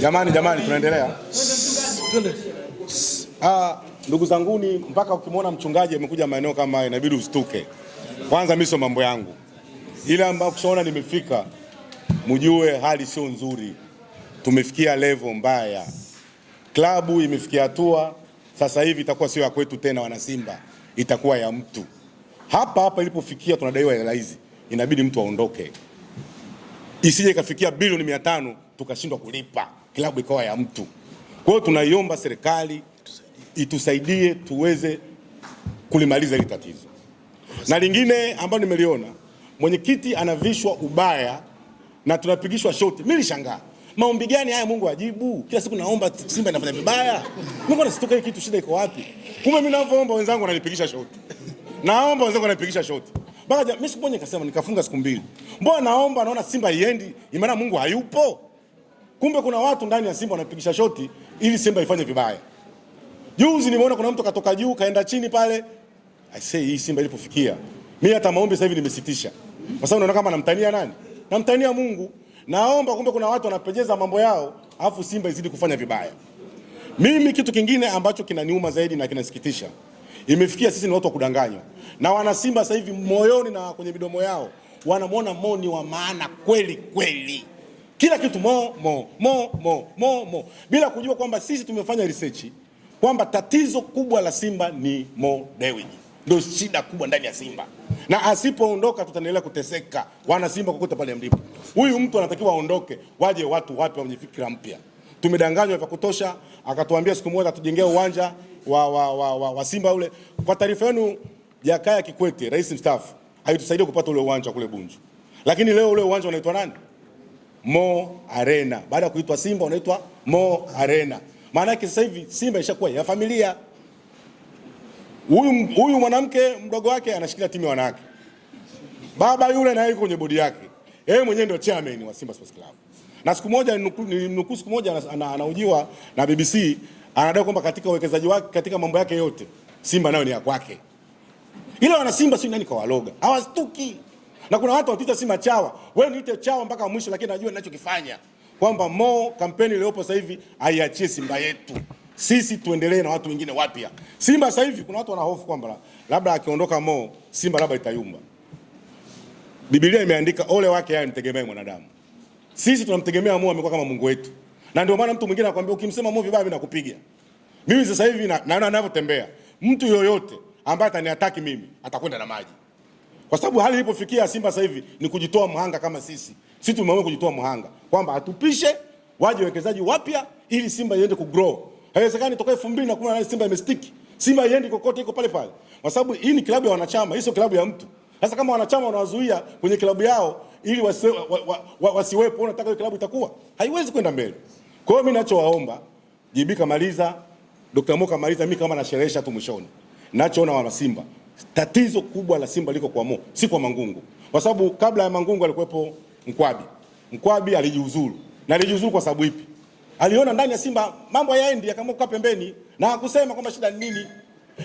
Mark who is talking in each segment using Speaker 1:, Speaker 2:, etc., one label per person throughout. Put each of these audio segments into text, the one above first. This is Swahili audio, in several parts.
Speaker 1: Jamani, jamani, tunaendelea. Ah, ndugu zanguni, mpaka ukimwona mchungaji amekuja maeneo kama haya inabidi usituke. Kwanza mimi sio mambo yangu, ile ambayo kushaona nimefika, mjue hali sio nzuri, tumefikia level mbaya, klabu imefikia hatua sasa hivi itakuwa sio ya kwetu tena, wanasimba, itakuwa ya mtu. Hapa hapa ilipofikia tunadaiwa hela hizi, inabidi mtu aondoke isije ikafikia bilioni mia tano tukashindwa kulipa, klabu ikawa ya mtu. Kwa hiyo tunaiomba serikali itusaidie tuweze kulimaliza hili tatizo. Na lingine ambalo nimeliona, mwenyekiti anavishwa ubaya na tunapigishwa shoti. Mimi nilishangaa maombi gani haya Mungu ajibu? Kila siku naomba Simba inafanya vibaya. Mungu anasitoka hii kitu, shida iko wapi? Kumbe mimi ninavyoomba wenzangu wananipigisha shoti. Naomba wenzangu wananipigisha shoti. Baka mimi siponye nikasema nikafunga siku mbili. Mbona naomba naona Simba iendi? Imana Mungu hayupo. Kumbe kuna watu ndani ya Simba wanapigisha shoti ili Simba ifanye vibaya. Juzi nimeona kuna mtu katoka juu kaenda chini pale. I say hii Simba ilipofikia. Mimi hata maombi sasa hivi nimesitisha. Kwa sababu naona kama namtania nani? Namtania Mungu. Naomba kumbe kuna watu wanapejeza mambo yao, afu Simba izidi kufanya vibaya. Mimi kitu kingine ambacho kinaniuma zaidi na kinasikitisha Imefikia sisi ni watu wa kudanganywa na wanasimba. Sasa hivi moyoni na kwenye midomo yao wanamwona Mo ni wa maana kweli kweli, kila kitu Mo, Mo, Mo, Mo, Mo, Mo, bila kujua kwamba sisi tumefanya research kwamba tatizo kubwa la Simba ni Mo Dewji, ndio shida kubwa ndani ya Simba na asipoondoka tutaendelea kuteseka wana Simba kukuta pale mlipo. Huyu mtu anatakiwa aondoke, waje watu wapya wenye fikra mpya. Tumedanganywa vya kutosha. Akatuambia siku moja atujengea uwanja wa, wa, wa, wa, wa Simba ule. Kwa taarifa yenu, Jakaya Kikwete rais mstaafu alitusaidia kupata ule uwanja kule Bunju, lakini leo ule uwanja unaitwa nani? Mo Arena. Baada ya kuitwa Simba unaitwa Mo Arena. Maana yake sasa hivi Simba ishakuwa ya familia. Huyu huyu mwanamke mdogo wake anashikilia timu ya wanawake, baba yule naye yuko kwenye bodi yake, yeye mwenyewe ndio chairman wa Simba Sports Club. Na siku moja nilimnukuu, siku moja anahojiwa na BBC anadai kwamba katika uwekezaji wake katika mambo yake yote Simba nayo ni ya kwake, ila wana Simba si nani kwa waloga, hawastuki na kuna watu watuita Simba chawa. Wewe niite chawa mpaka mwisho, lakini najua ninachokifanya kwamba mo kampeni iliyopo sasa hivi aiachie Simba yetu sisi tuendelee na watu wengine wapya. Simba sasa hivi kuna watu wana hofu kwamba labda akiondoka Mo, Simba labda itayumba. Biblia imeandika ole wake yeye, mtegemee mwanadamu. Sisi tunamtegemea Mo, amekuwa kama Mungu wetu na ndio maana mtu mwingine anakuambia ukimsema mo vibaya nakupiga. Mimi sasa hivi naona anavyotembea mtu yoyote ambaye ataniataki mimi atakwenda na maji, kwa sababu hali ilipofikia Simba sasa hivi ni kujitoa mhanga. Kama sisi sisi tumeamua kujitoa mhanga kwamba atupishe waje wawekezaji wapya ili Simba iende kugrow. Haiwezekani toka na 2018 Simba imestiki, Simba iende kokote, iko pale pale, kwa sababu hii ni klabu ya wanachama, hii sio klabu ya mtu. Sasa kama wanachama wanawazuia kwenye klabu yao ili wasiwepo, wa, wa, wa, wa, wa, wa, wa, wa, unataka hiyo klabu itakuwa haiwezi kwenda mbele. Kwa hiyo mimi ninachowaomba JB kamaliza, Dr. Mo kamaliza, mimi kama nasherehesha tu mwishoni. Ninachoona wana Simba, tatizo kubwa la Simba liko kwa Mo, si kwa Mangungu. Kwa sababu kabla ya Mangungu alikuwepo Mkwabi. Mkwabi alijiuzuru. Na alijiuzuru kwa sababu ipi? Aliona ndani ya Simba mambo hayaendi, akaamua kukaa pembeni na hakusema kwamba shida ni nini.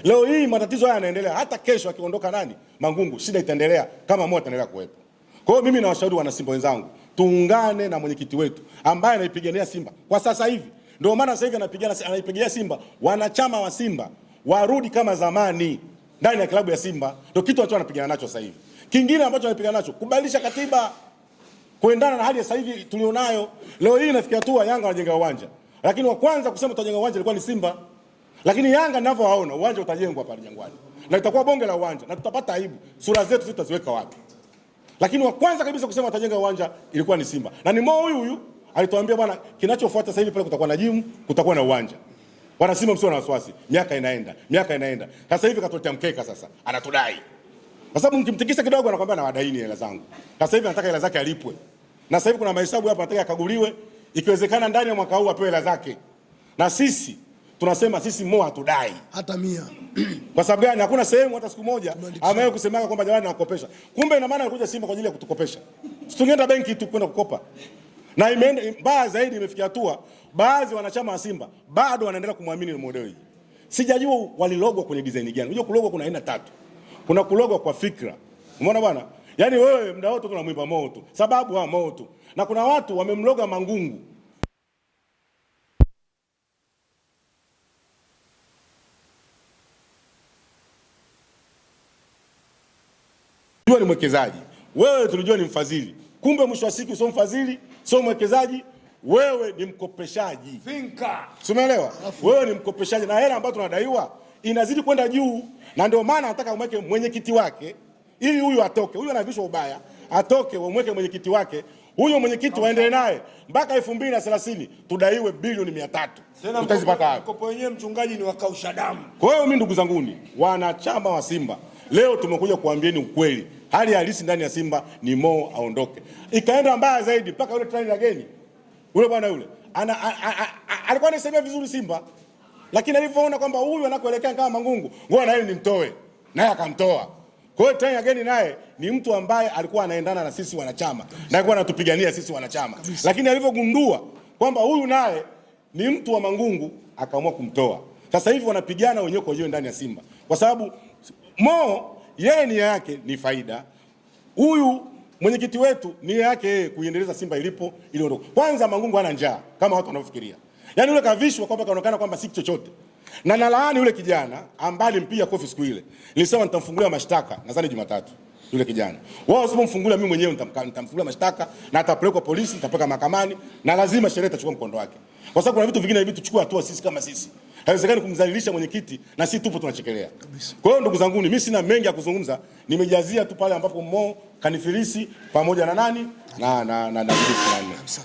Speaker 1: Leo hii matatizo haya yanaendelea, hata kesho akiondoka nani Mangungu, shida itaendelea kama Mo ataendelea kuwepo. Kwa hiyo mimi nawashauri wana Simba wenzangu tuungane na mwenyekiti wetu ambaye anaipigania Simba kwa sasa hivi. Ndio maana sasa hivi anapigana, anaipigania Simba, wanachama wa Simba warudi kama zamani ndani ya klabu ya Simba. Ndio kitu ambacho anapigana nacho sasa hivi. Kingine ambacho anapigana nacho kubadilisha katiba kuendana na hali ya sasa hivi tulionayo. Leo hii inafikia hatua Yanga wanajenga uwanja, lakini wa kwanza kusema tutajenga uwanja ilikuwa ni Simba, lakini Yanga ninavyowaona uwanja utajengwa pale Jangwani na itakuwa bonge la uwanja na tutapata aibu. Sura zetu zitaziweka wapi? lakini wa kwanza kabisa kusema watajenga uwanja ilikuwa ni Simba na ni Mo huyu huyu alituambia bwana, kinachofuata sasa hivi pale kutakuwa na gym, kutakuwa na uwanja. Wana Simba msio na wasiwasi, miaka inaenda, miaka inaenda. Sasa hivi katotea mkeka sasa, anatudai. Kwa sababu mkimtikisa kidogo anakuambia na wadaini hela zangu. Sasa hivi anataka hela zake alipwe. Na sasa hivi kuna mahesabu hapa anataka akaguliwe, ikiwezekana ndani ya mwaka huu apewe hela zake. Na sisi tunasema sisi MOA hatudai hata mia. Kwa sababu gani? Hakuna sehemu hata siku moja ambayo kusemaga kwamba jamani nakukopesha. Kumbe ina maana alikuja Simba kwa ajili ya kutukopesha, si tungeenda benki tu kwenda kukopa. Na imeenda mbaya zaidi, imefikia hatua baadhi wanachama wa Simba bado wanaendelea kumwamini Lumodeoji. Sijajua walilogwa kwenye design gani. Unajua kulogwa kuna aina tatu, kuna kulogwa kwa fikra, umeona bwana, yaani wewe mda wote unamwimba Mo tu, sababu ha moto, na kuna watu wamemloga Mangungu Tulijua ni mwekezaji wewe, tulijua ni mfadhili, kumbe mwisho wa siku sio mfadhili, sio mwekezaji, wewe ni mkopeshaji. Umeelewa? Wewe ni mkopeshaji na hela ambayo tunadaiwa inazidi kwenda juu, na ndio maana nataka umweke mwenyekiti wake ili huyu atoke. Huyu anavishwa ubaya, atoke, umweke mwenyekiti wake huyo mwenyekiti waendelee naye mpaka elfu mbili na thelathini tudaiwe bilioni mia tatu tutazipata hapo.
Speaker 2: Mkopo wenyewe mchungaji ni wakausha damu.
Speaker 1: Kwa hiyo mimi ndugu zanguni, wanachama wa Simba Leo tumekuja kuambieni ukweli, hali halisi ndani ya Simba ni Mo aondoke. Ikaenda mbaya zaidi mpaka yule trainer ageni yule bwana yule ana alikuwa anasemea vizuri Simba, lakini alivyoona kwamba huyu anakoelekea kama Mangungu, ngoja na yeye nimtoe, naye akamtoa. Kwa hiyo trainer ageni naye ni mtu ambaye alikuwa anaendana na sisi wanachama na alikuwa anatupigania sisi wanachama, lakini alivyogundua kwamba huyu naye ni mtu wa Mangungu, akaamua kumtoa. Sasa hivi wanapigana wenyewe kwa wenyewe ndani ya Simba kwa sababu Mo yeye nia yake ni faida. Huyu mwenyekiti wetu nia yake yeye kuiendeleza Simba ilipo iliondoka. Kwanza Mangungu ana njaa kama watu wanavyofikiria. Yaani yule kavishwa kwamba kaonekana kwamba si chochote. Na nalaani yule kijana ambaye alimpiga kofi siku ile. Nilisema nitamfungulia mashtaka nadhani Jumatatu yule kijana. Wao usipomfungulia mimi mwenyewe nitamfungulia mashtaka na atapelekwa polisi, nitapeka mahakamani na lazima sheria itachukua mkondo wake. Kwa sababu kuna vitu vingine hivi tuchukue hatua sisi kama sisi. Haiwezekani kumdhalilisha mwenyekiti na si tupo tunachekelea. Kwa hiyo ndugu zangu, mimi sina mengi ya kuzungumza, nimejazia tu pale ambapo Mo kanifilisi pamoja na nani na na na, na,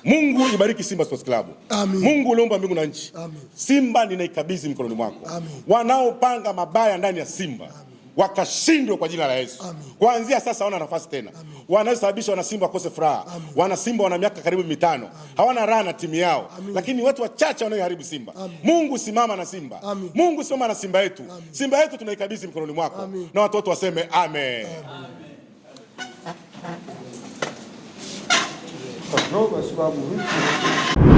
Speaker 1: Mungu ibariki Simba Sports Club. Amin. Mungu uliumba mbingu na nchi. Amin. Simba ninaikabidhi mikononi mwako. Wanaopanga mabaya ndani ya Simba Amin wakashindwe kwa jina la Yesu. Kuanzia sasa hawana nafasi tena, wanayosababisha wanasimba wakose furaha. Wanasimba wana miaka karibu mitano hawana raha na timu yao, lakini watu wachache wanaoharibu Simba. Mungu simama na Simba, Mungu simama na Simba yetu. Simba yetu tunaikabidhi mkononi mwako, na watoto waseme amen. Amen.